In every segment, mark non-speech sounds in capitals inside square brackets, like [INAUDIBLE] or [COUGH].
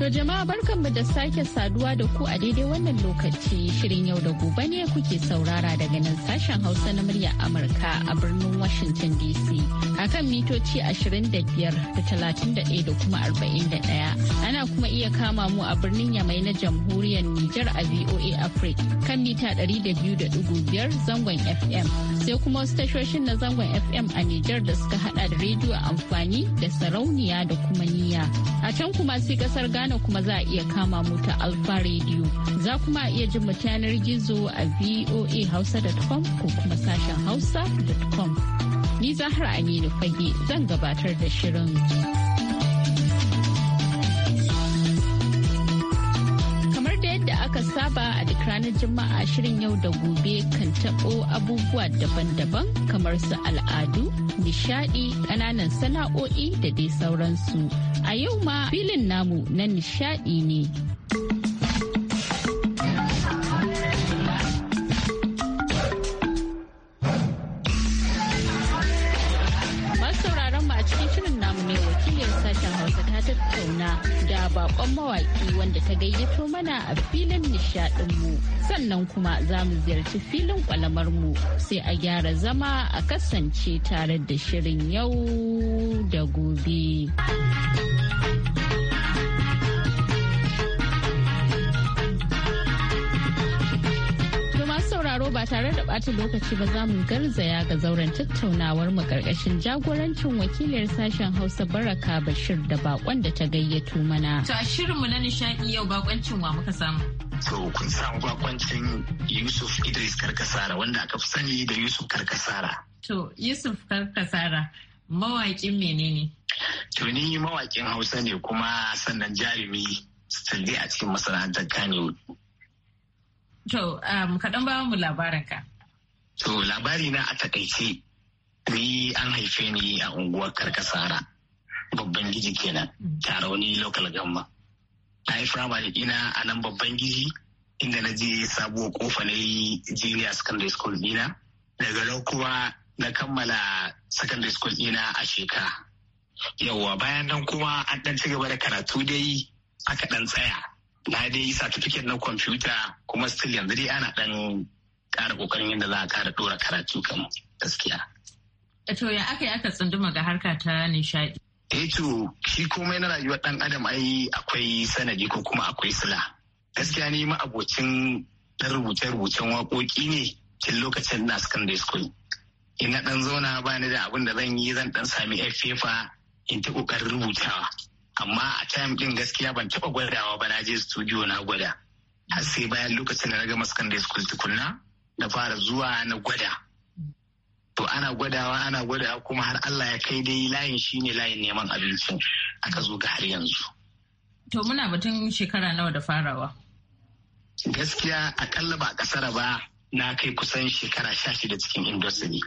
To jama'a barkanmu da sake saduwa da ku a daidai wannan lokaci shirin yau da gobe ne kuke saurara daga nan sashen Hausa na murya Amurka a birnin Washington DC akan mitoci 25 da 31 da kuma 41. Ana kuma iya kama mu a birnin Yamai na jamhuriyar Nijar a VOA Africa kan mita 200.5 zangon FM. Sai kuma wasu tashoshin na zangon FM a Nijar da suka hada da rediyo amfani da sarauniya da kuma niya. A can kuma sai kasar Ghana Ghana kuma za a iya kama mu ta Alfa Radio. Za kuma iya jin yanar gizo a voahausa.com ko kuma sashen hausa.com. Ni za Zahra Aminu Fage zan gabatar da shirin. aka saba a duk ranar Juma'a shirin yau da gobe kan taɓo abubuwa daban-daban kamar su al'adu, nishadi kananan sana'o'i da dai sauransu. A yau ma filin namu na nishadi ne. bakon mawaki wanda ta gayyato mana a filin nishadinmu sannan kuma za mu ziyarci filin mu sai a gyara zama a kasance tare da shirin yau da gobe. ba tare da ɓata lokaci ba za mu garzaya ga zauren tattaunawar mu karkashin jagorancin wakiliyar sashen Hausa Baraka Bashir da bakon da ta gayyato mana. To a shirinmu na nishaɗi yau bakoncin wa muka samu. to kun samu bakoncin Yusuf Idris Karkasara wanda aka fi sani da Yusuf Karkasara. To Yusuf Karkasara mawaƙin menene? To ni mawaƙin Hausa ne kuma sannan jarumi sannan a cikin masana'antar Kano. To, um, kaɗan ba mu labarinka. To, labari na a takaice, ni an haife ni a unguwar Karkasara, babban giji kenan, mm. tarauni local gamma. Na yi firamare ina a nan babban giji, inda na je sabuwar kofa na yi junior secondary school dina. Daga nan kuma na kammala secondary school dina a shekara. Yawwa bayan nan kuma an ɗan ci gaba da karatu dai aka ɗan tsaya. na dai certificate na kwamfuta kuma still yanzu dai ana dan kara kokarin yadda za a ƙara ɗora karatu kan gaskiya. E to ya aka yi aka tsunduma ga harka ta nishaɗi? Eh to shi komai na rayuwar ɗan adam ai akwai sanadi ko kuma akwai sila. Gaskiya ni ma abocin na rubuce-rubucen waƙoƙi ne tun lokacin na secondary school. Ina dan zauna bani da abin da zan yi zan dan sami FFA in ta ƙoƙarin rubutawa. amma a tayan din gaskiya ban taba gwadawa ba na je studio na gwada har sai bayan lokacin da na gama secondary school tukunna na fara zuwa na gwada to ana gwadawa ana gwadawa kuma har Allah ya kai dai layin shine layin neman abinci aka zo ga har yanzu to muna batun shekara nawa da farawa gaskiya akalla ba kasara ba na kai kusan shekara sha shida cikin industry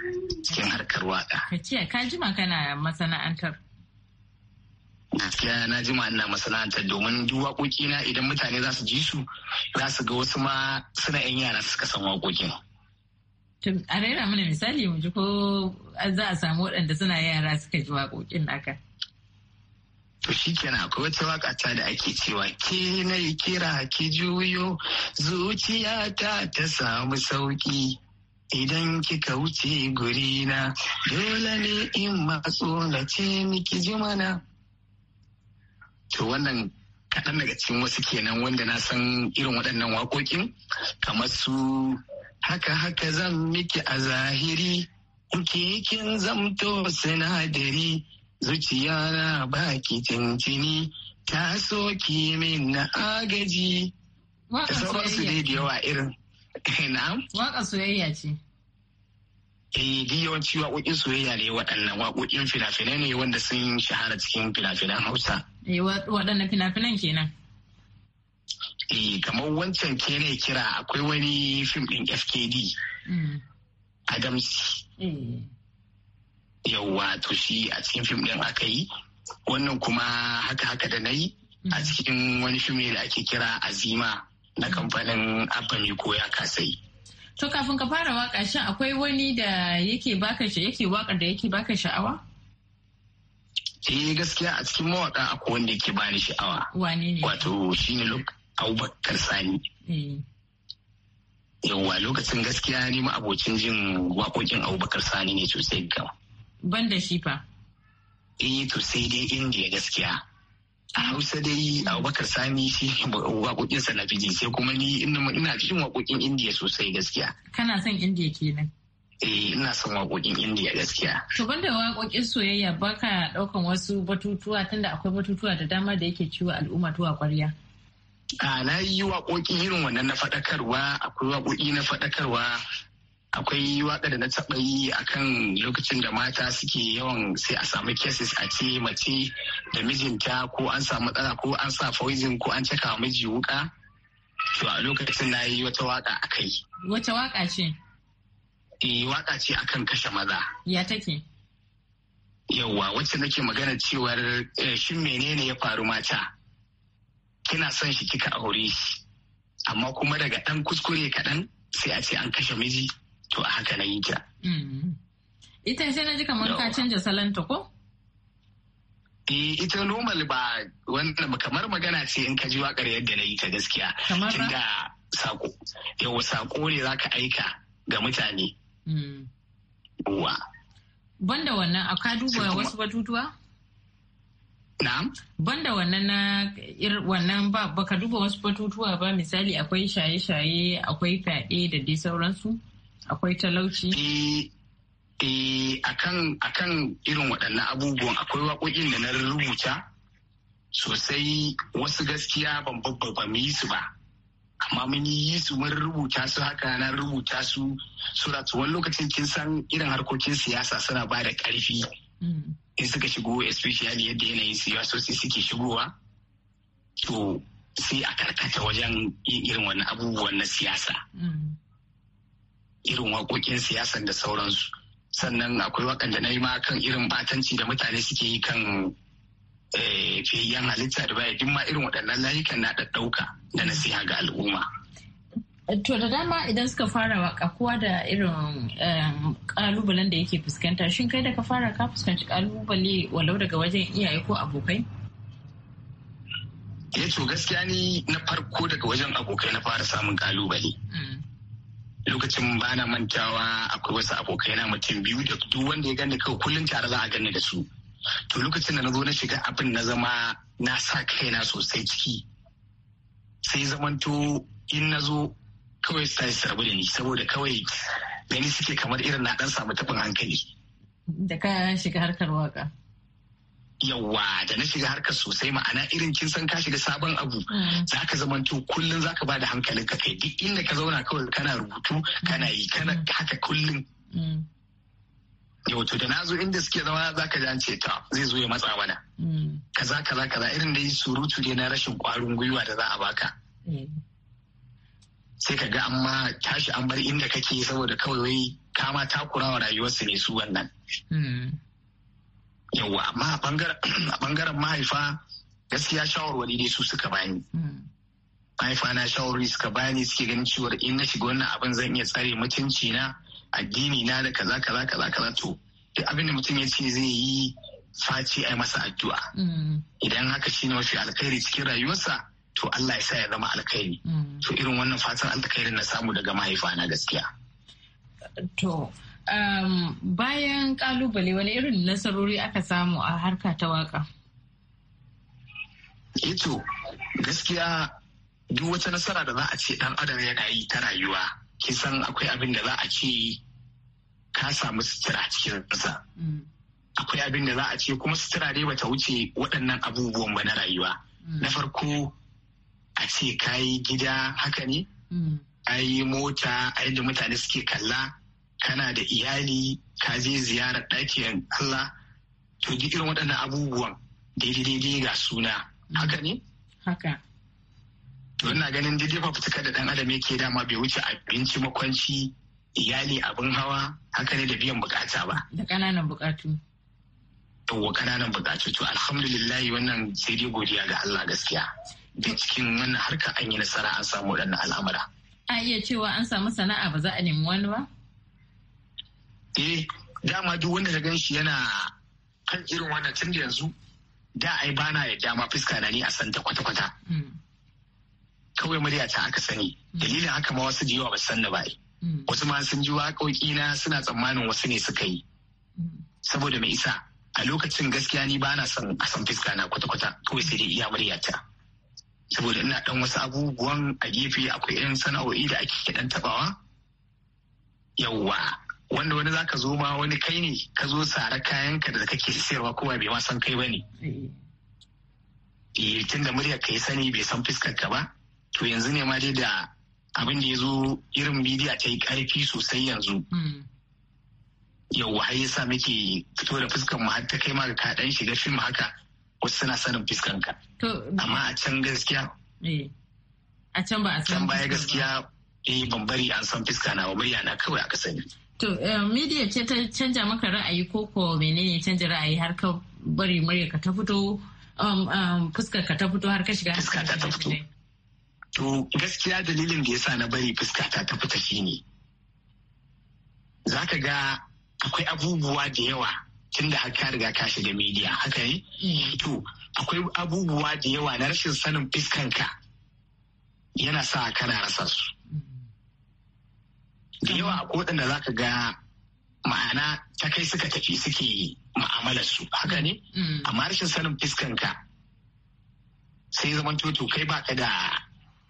cikin harkar waka ka ka jima kana masana'antar gaskiya na jima ina masana'antar domin duk waƙoƙi na idan mutane za su ji su za su ga wasu ma suna yan yara suka san waƙoƙi. a raira mana misali mu ji ko za a samu waɗanda suna yara suka ji waƙoƙin naka. To shi kenan akwai wata waƙa ta da ake cewa ke na kira ki juyo zuciyata ta samu sauki. Idan kika wuce gurina dole ne in matso na ce miki ji mana to wannan kaɗan daga cikin wasu kenan wanda na san irin waɗannan waƙoƙin kamar su haka haka zan miki a zahiri kuke kin zamto sinadari zuciya na baki tintini ta soki min na agaji da sauransu dai da yawa irin [LAUGHS] na'am Waƙa soyayya ce eh duk yawanci waƙoƙin soyayya ne waɗannan waƙoƙin fina-finai ne wanda sun shahara cikin fina-finan hausa eh, waɗannan fina-finan kenan eh kamar wancan ke ne kira akwai wani fim ɗin fkd mm. a gamsi eh. yauwa to shi a cikin fim ɗin aka yi wannan kuma haka haka da na yi mm. a cikin wani fim ne da ake kira azima na kamfanin abba mai koya kasai To kafin ka fara waka shin akwai wani da yake baka yake wakar da yake baka sha'awa? Eh gaskiya a cikin mawaka akwai wanda yake bani sha'awa. Wane ne? Wato shine Luke Abubakar Sani. Eh. Yawwa lokacin gaskiya ni ma abokin jin waƙoƙin Abubakar Sani ne sosai ga. Ban da shi fa. Eh to sai dai inda gaskiya. a hausa dai abubakar sani shi waƙoƙin sa na fiji sai kuma ni ina cikin wakokin indiya sosai gaskiya kana son indiya kenan eh ina son waƙoƙin indiya gaskiya to banda waƙoƙin soyayya baka ɗaukan wasu batutuwa tunda akwai batutuwa da dama da yake ciwo al'umma tuwa ƙwarya a na yi wakokin irin wannan na faɗakarwa akwai wakoki na faɗakarwa akwai waka da na taɓa yi akan lokacin da mata suke yawan sai a samu cases a ce mace da mijinta ko an samu matsala ko an sa poison ko an caka miji wuka to a lokacin na yi wata waka a kai wata waka ce eh waka ce akan kashe maza ya take yawwa wacce nake magana cewar eh, shin menene ya faru mata kina son shi kika aure shi amma kuma daga ɗan kuskure kaɗan sai a ce an kashe miji to a haka na yi ta. Mm-hmm. Ita sai na ji kamar ka canja salanta ko? Eh ita normal ba wannan kamar magana ce in ka ji waƙar yadda na yi ta gaskiya. kamar Tunda sako yawa sako ne za ka aika ga mutane. Mm. Uwa. Banda wannan a ka duba wasu batutuwa? Na'am. Banda wannan na wannan ba baka duba wasu batutuwa ba misali akwai shaye-shaye akwai fyaɗe da dai sauransu? akwai talauci eh, eh akan akan irin waɗannan abubuwan akwai waƙoƙin da na rubuta sosai wasu gaskiya ban babba mu yi su ba amma mun yi su mun rubuta su haka na rubuta su suratu wani lokacin kin san irin harkokin siyasa suna ba da ƙarfi mm. in suka shigo especially yadda yanayin siyasoci suke shigowa to sai a karkata wajen yin irin wani abubuwan na siyasa mm. irin waƙoƙin siyasan da sauransu sannan akwai wakan da na yi ma kan irin batanci da mutane suke yi kan eh, fiyayyen halitta da baya duk ma irin waɗannan layukan na ɗaɗɗauka da nasiha ga al'umma. To da dama idan suka fara waka da irin eh, ƙalubalen da yake fuskanta shin kai da ka fara ka fuskanci ƙalubale walau daga wajen iyaye ko abokai? Ya eh, to gaskiya ni na farko daga wajen abokai na fara samun ƙalubale. Mm. lokacin ba na mantawa akwai wasu abokai na mutum biyu da duk wanda ya gani kawai kullum tare za a gani da su to lokacin da na zo na shiga abin na zama na sa kaina sosai ciki sai zamanto in na zo kawai su tashi rabu da ni saboda kawai gani suke kamar irin na dan samu tafin hankali da ka shiga harkar waka yawa da na shiga harka sosai ma'ana irin kin san ka shiga sabon abu mm. za ka zama to kullum za ka ba da hankalin ka kai duk inda ka zauna kawai kana rubutu kana yi kana mm. haka kullum mm. yau da na zo inda suke zama za ka ji an ce ta zai zo ya matsa mana kaza kaza kaza irin da yi surutu ne na rashin kwarin gwiwa da za a baka eh. sai ka ga amma tashi an bar inda kake saboda kawai wai kama takurawa rayuwarsu ne su wannan yawa amma [CLEARS THROAT] a bangaren mahaifa gaskiya shawarwari dai su suka bani hmm. mahaifa na shawarwari suka bani suke ganin cewar in na shiga wannan abin zan iya tsare mutunci na addini na da kaza kaza kaza kaza to duk abin da mutum ya ce zai yi face a masa addu'a hmm. idan haka shi shine mafi alkhairi cikin rayuwarsa to Allah ya sa ya zama alkhairi hmm. to irin wannan fatan alkhairin na samu daga mahaifa na gaskiya to Um, bayan kalubale wani irin nasarori aka samu a harka ta waka? Ito eh gaskiya duk wata nasara da za a ce dan adam yana yi ta rayuwa kisan akwai abin da za a ce ka samu sutura a cikin rasa. Mm. Akwai abin da za a ce kuma sutura dai bata wuce waɗannan abubuwan ba na rayuwa. Mm. Na farko a ce ka yi gida haka ne? Mm. A yi mota, a yadda mutane suke kalla. kana da iyali ka je ziyarar ɗakin Allah to duk irin waɗannan abubuwan daidai ga suna haka ne? Haka. To ina ganin daidai fafutuka da ɗan adam yake dama bai wuce abinci makwanci iyali abin hawa haka ne da biyan bukata ba. Da ƙananan bukatu. Yawwa ƙananan bukatu to alhamdulillahi wannan sai dai godiya ga Allah gaskiya. Da cikin wannan harka an yi nasara an samu waɗannan al'amura. A iya cewa an samu sana'a ba za a nemi wani ba? eh dama duk wanda ka gan yana kan irin wannan tun da yanzu da ai bana ya dama fuska na ni a san ta kwata-kwata hmm. kawai murya ta aka sani hmm. dalilin haka ma wasu jiwa ba san da ba hmm. wasu ma sun ji waƙoƙi na suna tsammanin wasu ne suka yi saboda mai isa a lokacin gaskiya ni bana son a san fuska na kwata-kwata kawai sai dai iya murya ta saboda ina dan wasu abubuwan a gefe akwai irin sana'o'i da ake dan tabawa yawwa wanda wani zaka zo ma wani kai ne ka zo tsara kayanka da kake siyarwa kuma bai ma san kai ba ne eh, tun da muryar ka yi sani bai san fuskar ka ba to yanzu ne ma dai da abin da ya zo irin bidiya ta yi karfi sosai yanzu hmm. yau har yasa muke fito da fuskar mu har ta kai ma ka dan shiga fim haka wasu suna sanin fuskar ka amma a can gaskiya eh, a can ba a san baya gaskiya eh ban bari an san fuska na ba bari na kawai aka sani To, eh, media ce ta canja maka ra'ayi ko ko menene canja ra'ayi har ka bari murya ka ta fito um, um, fuskar ka ta fito har ka shiga fuska ta ta fito. To, gaskiya dalilin da yasa na bari fuska ta ta fita shine. Za ka ga akwai abubuwa da yawa tun da ka riga ka shiga media haka yi? Mm. To, akwai abubuwa da yawa na rashin sanin fuskanka yana sa kana rasa su. Mm. da yawa a kodin da zaka ga ma'ana ta kai suka tafi suke ma'amalar su haka ne mm. amma rashin sanin fiskan ka sai zaman toto kai ba ka da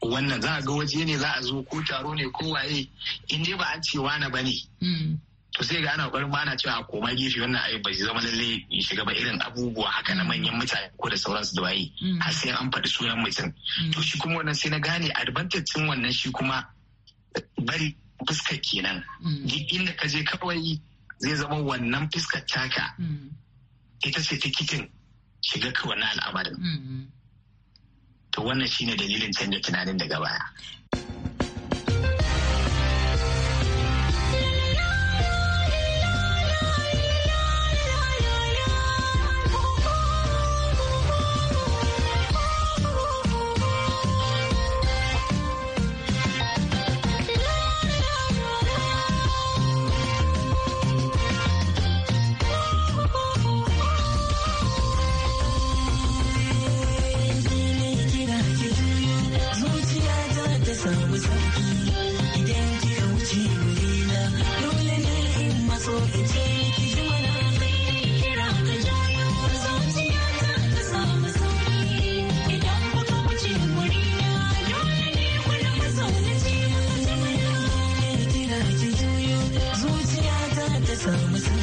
wannan za a ga waje ne za a zo ko taro ne ko waye in dai ba an ce wani ba ne mm. to sai ga ana ƙwarin ba ana cewa a koma gefe wannan ayi ba zama lalle ya shiga ba irin abubuwa haka na manyan mm. mutane ko da sauransu da waye har sai an faɗi sunan mutum to shi kuma wannan sai na gane advantage wannan shi kuma bari fuskar kenan mm. duk inda ka je kawai zai zama wannan fuskar taka mm. ita ce tikitin shiga ka wannan al'amarin mm-hmm. to wannan shine dalilin canza tunanin daga baya samu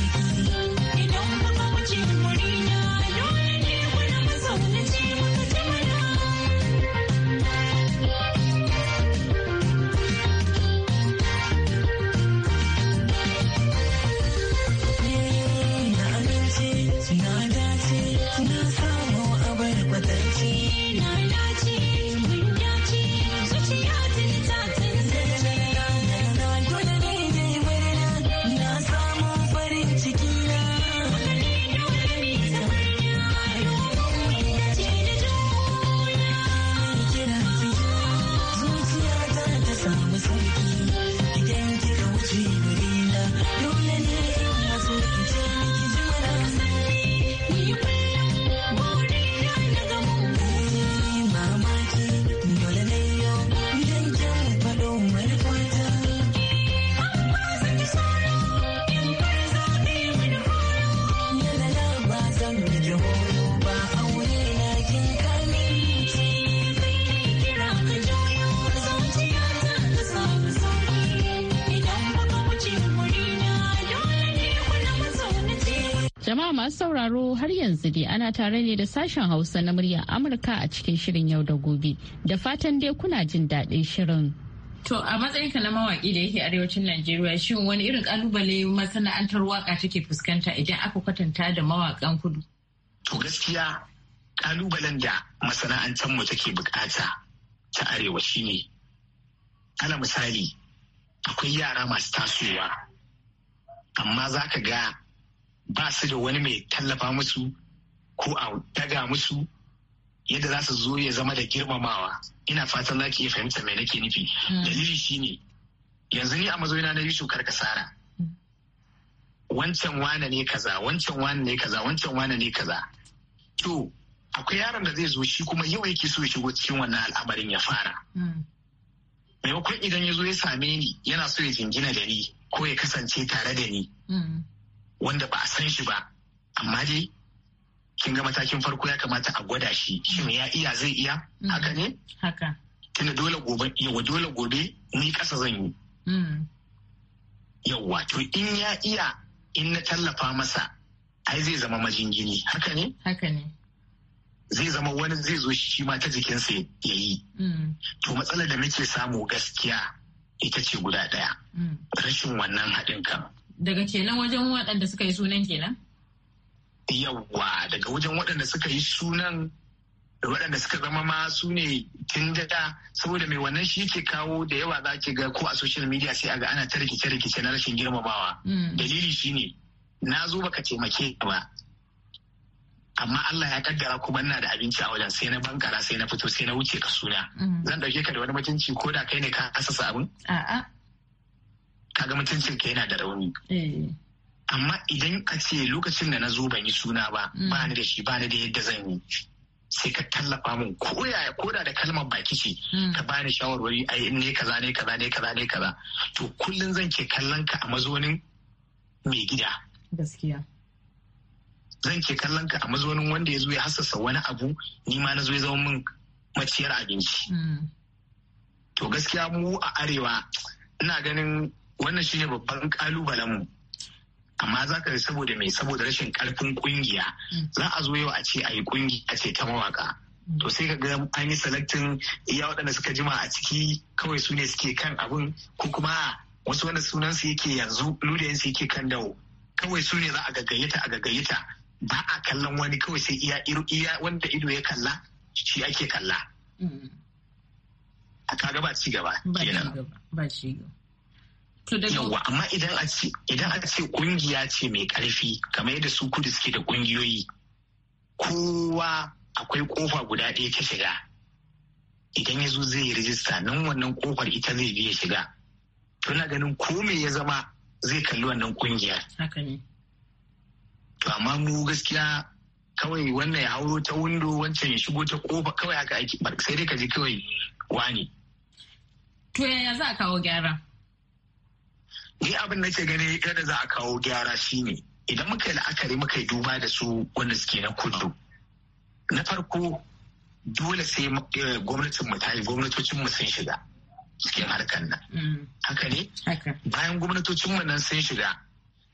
masu sauraro har yanzu dai ana tare ne da sashen Hausa na murya Amurka a cikin shirin yau da gobe. Da fatan dai kuna jin daɗin shirin. To a matsayinka na mawaki da yake arewacin Najeriya shin wani irin kalubale masana'antar waka take fuskanta idan aka kwatanta da mawakan kudu? To gaskiya kalubalen da masana'antar mu take bukata ta arewa shine ana misali akwai yara masu tasowa amma za ka ga ba su da wani mai tallafa musu ko a daga musu yadda za su zo ya zama da girmamawa ina fatan za ki iya fahimta mai nake nufi hmm. dalili shine yanzu ni a mazauna na yusuf karkasara hmm. wancan wane ne kaza wancan wane ne kaza wancan wane ne kaza to akwai yaron da zai zo shi kuma yau yake so ya shigo cikin wannan al'amarin ya fara hmm. maimakon idan ya zo ya same ni yana so ya jingina da ni ko ya kasance tare da ni wanda ba a san shi ba amma dai kin ga matakin farko ya kamata a gwada shi shin ya iya zai iya mm. haka ne haka tunda dole gobe yawa dole gobe ni kasa zan yi mm. yawa to in ya iya in na tallafa masa ai zai zama majingini haka ne haka ne zai zama wani zai zo shi ma ta jikinsa ya yi mm. to matsalar da muke samu gaskiya ita ce guda ɗaya rashin wannan haɗin kan daga kenan wajen waɗanda suka yi sunan kenan? Yawwa daga wajen waɗanda suka yi sunan da waɗanda suka zama ma su ne tun da saboda mai wannan shi ke kawo da yawa za ki ga ko a social media sai a ga ana ta rikice rikice na rashin girmamawa mm. dalili shi ne na zo baka taimake ba amma Allah ya kaddara kuma ina da abinci a wajen sai na bankara sai na fito sai na wuce ka suna mm. zan ɗauke ka da wani mutunci ko da kai ne ka asasa abin a'a kaga mutuncin ka yana da rauni eh. amma idan a ce lokacin da na zo ban yi suna ba mm. ba ni da shi ba ni da yadda zan yi sai ka tallafa min koyaya koda da kalmar baki ce mm. ka bani shawarwari yi ne kaza ne kaza ne kaza ne kaza to kullum zan ke kallon ka a mazonin mai gida gaskiya zan ke kallon ka a mazonin wanda ya zo ya hassasa wani abu ni ma na zo ya zama min maciyar abinci mm. to gaskiya mu a arewa ina ganin wannan shi ne babban kalubalen mu amma za ka saboda mai saboda rashin karfin kungiya mm. za a zo yau a ce a yi kungiya ce ta mawaka mm. to sai ka ga an yi selectin iya waɗanda suka jima a ciki kawai su ne suke kan abin ko kuma wasu wanda sunansu yake yanzu ludayensu yake kan dawo kawai su ne za a gaggayyata a gaggayyata ba a kallon wani kawai sai iya iya wanda ido ya kalla shi ake kalla mm. a kaga ba ci gaba ba ci gaba Yawwa amma idan a ce kungiya ce mai karfi kamar yadda su kudu suke da kungiyoyi kowa akwai kofa guda ɗaya ta shiga idan ya zo zai yi rijista nan wannan kofar ita zai biya shiga tuna ganin ko ya zama zai kalli wannan kungiyar. To amma mu gaskiya kawai wannan ya hauro ta windo wancan ya shigo ta kofa kawai haka aiki sai dai ka ji kawai wani. To yaya za a kawo gyara? ni abin nake gani yadda za a kawo gyara shine idan muka yi la'akari muka yi duba da su wanda suke na kudu na farko dole sai eh, gwamnatin mu tayi gwamnatocin mu sun shiga cikin harkar nan mm. haka ne bayan gwamnatocin mu nan sun shiga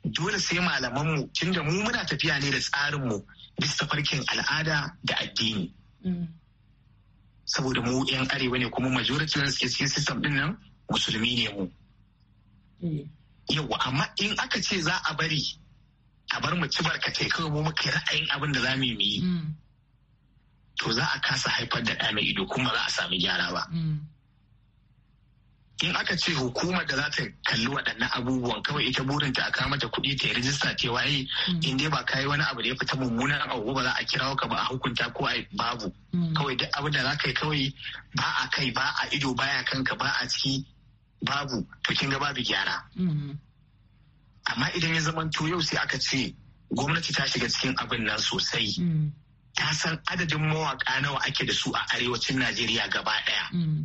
dole sai malaman mu tunda mu muna tafiya ne da tsarin mu bisa farkin al'ada da addini mm. saboda mu yan arewa ne kuma majority suke cikin system din nan musulmi ne mu eh. yawa amma in aka ce za a bari a bar mu ci barkatai kawai mu muka ra'ayin abin da za mu yi mm. to za a kasa haifar da ɗa mai ido kuma za a sami gyara ba mm. in aka ce hukumar da za ta kalli waɗannan abubuwan kawai ita burinta a mata kuɗi ta yi rijista cewa ai mm. in dai ba ka yi wani abu da ya fita mummunan abu ba za a kirawo ka ba a hukunta ko a babu kawai duk abin da za ka yi kawai ba a kai ba a ido baya kanka ba a ciki babu to kin ga babu gyara mm-hmm. amma idan ya zama to yau sai aka ce gwamnati ta shiga cikin abin nan sosai mm-hmm. ta san adadin mawaka nawa ake da su a arewacin najeriya gaba ɗaya. Mm-hmm.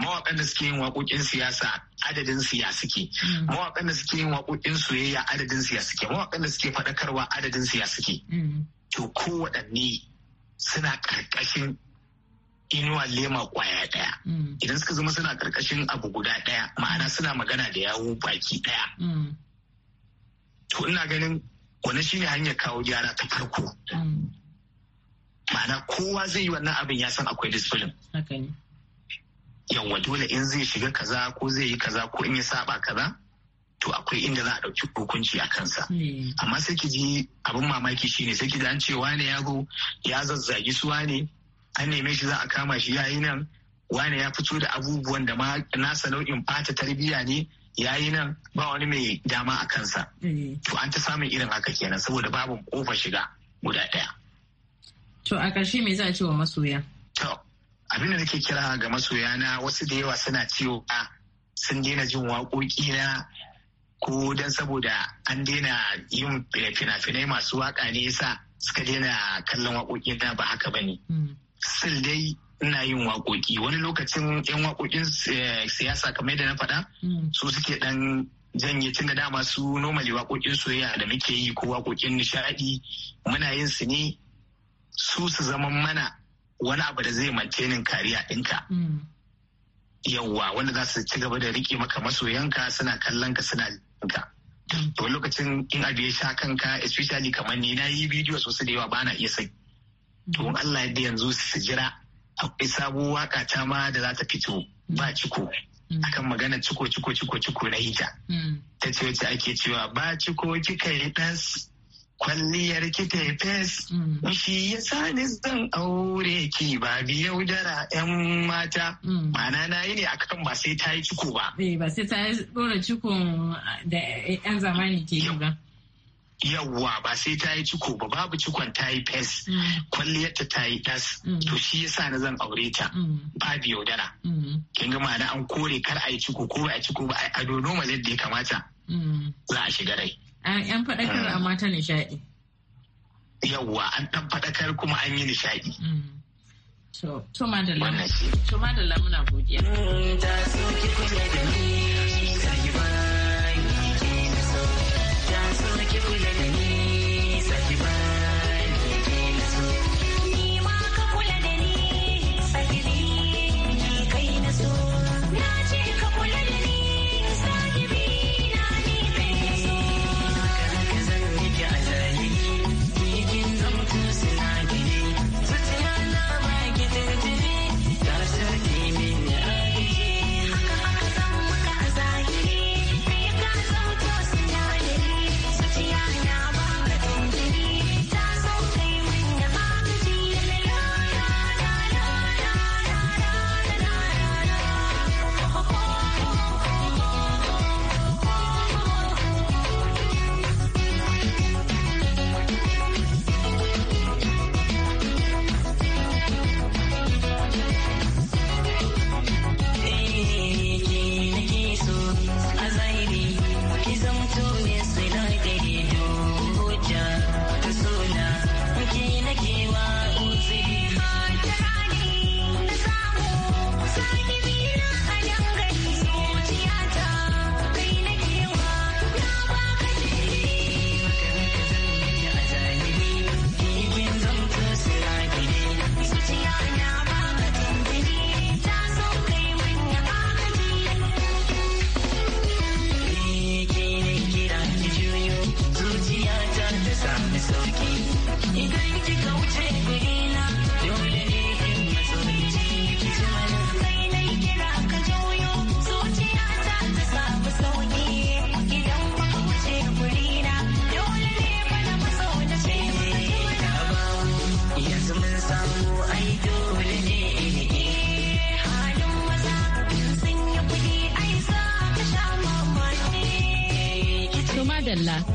Mawaƙan da suke yin waƙoƙin siyasa adadin siya suke Mawaƙan da suke yin waƙoƙin soyayya adadin siya suke Mawaƙan da suke faɗakarwa adadin siya suke to kowaɗanne suna ƙarƙashin inuwa lema kwaya daya mm. idan suka zama suna karkashin abu guda daya ma'ana suna magana da yawo baki daya mm. to ina ganin wani shine hanyar kawo gyara ta farko mm. ma'ana kowa zai yi wannan abin ya san akwai disfilin yawwa dole in zai shiga kaza ko zai yi kaza ko in ya saba kaza to akwai inda za a ɗauki hukunci a kansa. Amma sai ki ji abin mamaki shine sai ki ji an cewa ne ya go ya zazzagi suwa ne an neme shi za a kama shi yayi nan wani ya fito da abubuwan da ma nasa nau'in bata tarbiyya ne yayi nan ba wani mai dama a kansa eh. to an ta samun irin haka kenan saboda babu kofa shiga guda daya to a ƙarshe me za a ce wa masoya to abin da nake kira ga masoya na wasu da yawa suna ciwo a sun daina jin waƙoƙi na ko dan saboda an daina yin fina-finai masu waƙa ne yasa suka daina kallon waƙoƙi na ba haka bane hmm. sil dai ina yin waƙoƙi wani lokacin yan waƙoƙin eh, siyasa kamar yadda na faɗa mm. su suke dan janye tun da dama su wakokin waƙoƙin soyayya da muke yi ko wakokin nishaɗi muna yin su ne su su zama mana wani abu da zai mace ni kariya ɗinka. Mm. Yawwa wanda za su ci gaba da riƙe maka masoyanka suna kallon ka suna ka. Mm. To lokacin in abu ya sha kanka especially kamar ni na yi bidiyo sosai da yawa ba na iya sai don Allah ya yanzu su jira akwai sabuwa waka ta ma da za ta fito ba ciko mm. akan magana ciko ciko ciko ciko na hita. Mm. ta ce wacce ake cewa ba ciko kika yi tas kwalliyar ki yi fes mm. shi ya sani zan aure ki ba biyau dara yan mata mana na yi ne akan ba sai ta yi ciko ba eh, ba sai ta yi dora cikon da yan zamani ke yi ba yawwa ba sai ta yi ciko ba babu cikon ta yi fes mm. kwalliyarta ta yi tas mm. to shi yasa na zan aure ta mm. babu yaudara kin ga ma'ana an kore kar a yi ciko ko ba a ciko ba a dono ma zai da ya kamata za a shiga rai an faɗakar a mata nishaɗi yawwa an ɗan faɗakar kuma an yi nishaɗi to madalla muna godiya Thank you.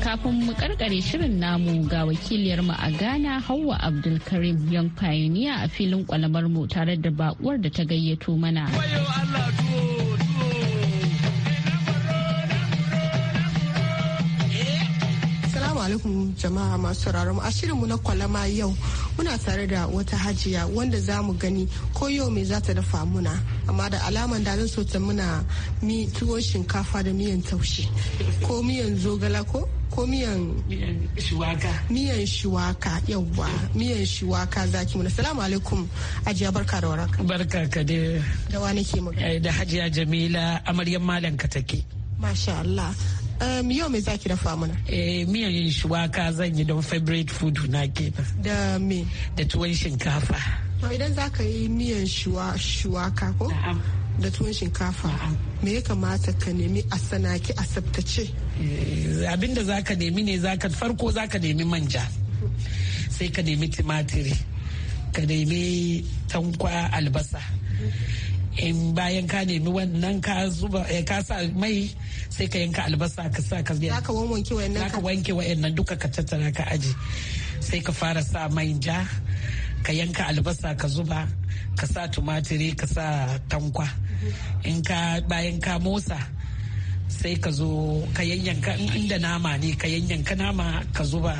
Kafin mu karkare shirin namu ga wakiliyar mu a Ghana Hauwa Abdulkarim yan Pioneer a filin kwalamar mu tare da bakuwar da ta gayyato mana. alaikum jama'a masu sauraro a shirin mu na kwalama yau muna tare da wata hajiya wanda za mu gani ko yau me za ta dafa muna amma da alaman da zan so ta muna mi tuwon shinkafa da miyan taushe ko miyan zogala ko ko miyan shiwaka miyan shiwaka yawwa miyan shiwaka zaki muna salamu alaikum ajiya barka da waraka barka ka da da wani ke magana da hajiya jamila amaryan malam ka take masha Allah Um, yau me zaki dafa mana? Eh, miyan shuwaka zan yi don favorite food na kenan. Da me? Da tuwon shinkafa. To idan za ka yi miyan shuwaka ko? Da tuwon shinkafa. Me ya kamata ka nemi a sanaki a tsaftace? Eh, abinda za ka nemi ne zaka farko za ka nemi manja sai ka nemi timatiri ka nemi tankwa albasa in bayan ka nemi wannan ka zuba eh, ka sa mai sai ka yanka albasa ka sa ka zai ka wanke wayannan ka wanke wayannan duka ka tattara ka aji sai ka fara sa mai ja ka yanka albasa ka zuba ka sa tumatiri ka sa tankwa in ka bayan ka motsa sai ka zo ka yanyanka inda nama ne ka yanyanka nama ka zuba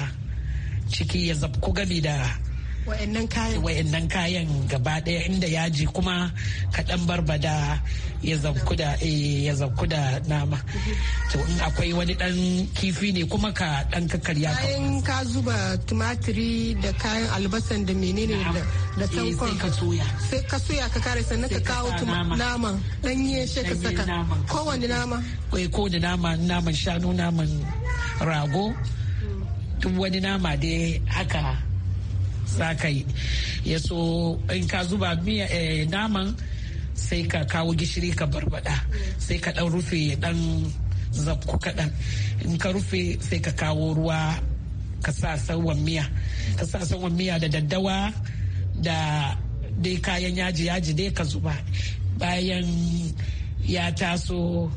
ciki ya ku gami da wa'annan kayan kayan gaba daya inda yaji kuma kaɗan barbada ya zabku da eh, ya zabku da nama to in akwai wani dan kifi ne kuma ka dan kakkarya ka Kayan ka zuba tumatiri da kayan albasan da menene da da eh, tankon ka soya sai ka soya ka kare sannan ka kawo nama. naman danye shi ka saka kowane nama kai kowane nama naman shanu naman rago duk wani nama dai haka za ka yi ya so in ka zuba eh, naman sai ka kawo gishiri ka barbada sai ka dan rufe dan zabku kaɗan in ka rufe sai ka kawo ruwa ka sa sauwan miya ka sa sauwan miya da daddawa da dai kayan yaji yaji dai ka zuba bayan ya taso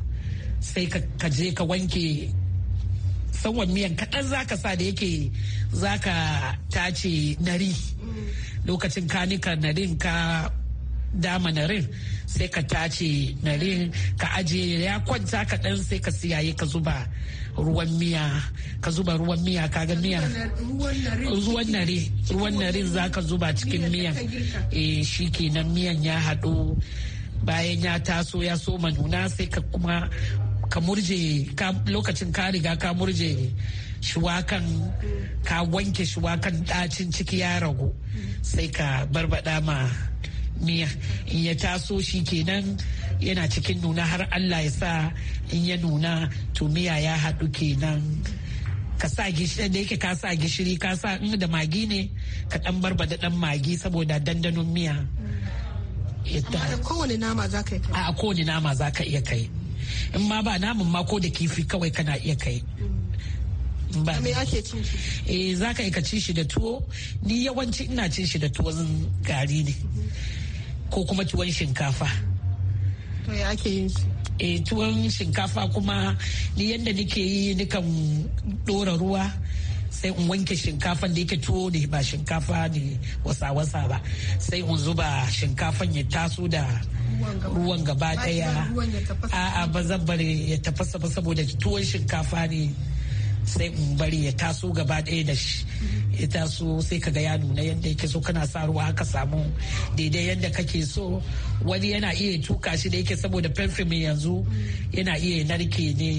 sai ka je ka wanke sanwan miyan kaɗan zaka sa da yake zaka tace nari lokacin ka nika narin ka dama narin sai ka tace narin ka aje ya kwanta kaɗan sai ka siyaye ka zuba ruwan miya ka zuba ruwan miya ka ga miya ruwan nare ruwan narin za ka zuba cikin miyan eh shi kenan miyan ya haɗu bayan ya taso ya so manuna sai ka kuma ka murje lokacin ka riga ka murje shuwakan ka wanke shuwakan ɗacin ciki ya ragu sai ka barbada ma miya in ya taso shi kenan yana cikin nuna har allah ya sa in ya nuna to miya ya haɗu kenan ka sa gishiri da yake ka sa gishiri ka sa in da magi ne ka dan barbada dan magi saboda dandanon miya amma da kowane nama za ka yi a kowane nama za ka iya kai in ma ba namun ma ko da kifi kawai kana iya kai mm. ba me ake cin shi eh zaka iya cin shi da tuwo ni yawanci ina cin shi da tuwon gari ne ko kuma tuwon shinkafa to ya ake yin shi eh tuwon shinkafa kuma ni yadda nake yi nikan dora ruwa sai in wanke shinkafan da yake tuwo ne ba shinkafa ne wasa-wasa ba sai in zuba shinkafan ya taso da ruwan gaba daya a ba zan bari ya tafasa ba saboda tuwon shinkafa ne sai in bari ya taso gaba daya da shi ya taso sai kaga ya nuna yadda yake so kana sa ruwa haka samu daidai yadda kake so wani yana iya tuka shi da yake saboda fenfimi yanzu yana iya narke ne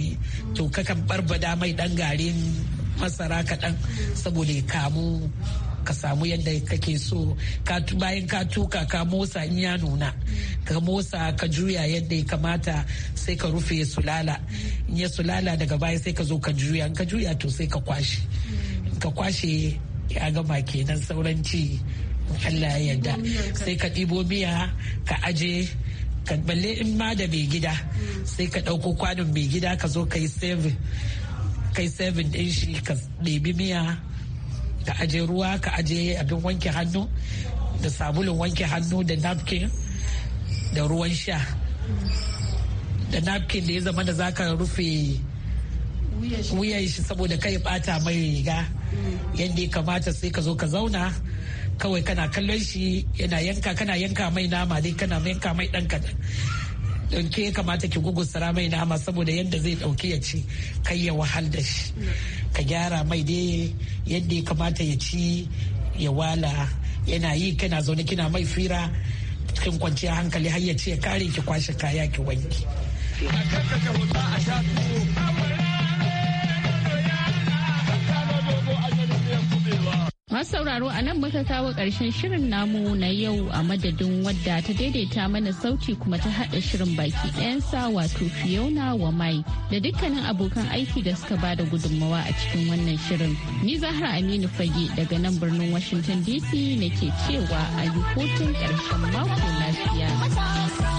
to kakan barbada mai dan garin masara kaɗan saboda ya kamu ka samu yadda kake so bayan ka tuka ka motsa in ya nuna ka motsa ka juya yadda ya kamata sai ka rufe sulala in ya sulala daga baya sai ka zo ka juya in ka juya to sai ka kwashe ka kwashe ya gama kenan sauran ci Allah ya yarda sai ka ɗibo miya ka aje ka balle in ma da mai gida sai ka ɗauko kwanon mai gida ka zo ka yi kai sevin ɗin shi ka ɗebi miya ka aje ruwa ka aje abin wanke hannu da sabulun wanke hannu da napkin da ruwan sha da napkin da ya zama da zaka rufe wuyan shi saboda kai bata mai riga yadda ya kamata sai ka zo ka zauna kawai kana kallon shi yana yanka kana yanka mai nama dai kana yanka mai dan kadan don ke ya kamata ki gugusara mai nama saboda yadda zai ɗauki ya ci kai ya wahal da shi ka gyara mai dai yadda ya kamata ya ci ya wala yana yi kana zaune kina mai fira cikin kwanciyar hankali har ya ce kare ki kwashe kaya ki wanki. sauraro a nan muka kawo ƙarshen shirin namu na yau a madadin wadda ta daidaita mana sauti kuma ta haɗa shirin baki ɗayansa wato Fiona wa mai da dukkanin abokan aiki da suka ba da gudummawa a cikin wannan shirin. Ni Zahra Aminu Fage daga nan birnin Washington DC nake cewa a yi hutun ƙarshen mako lafiya.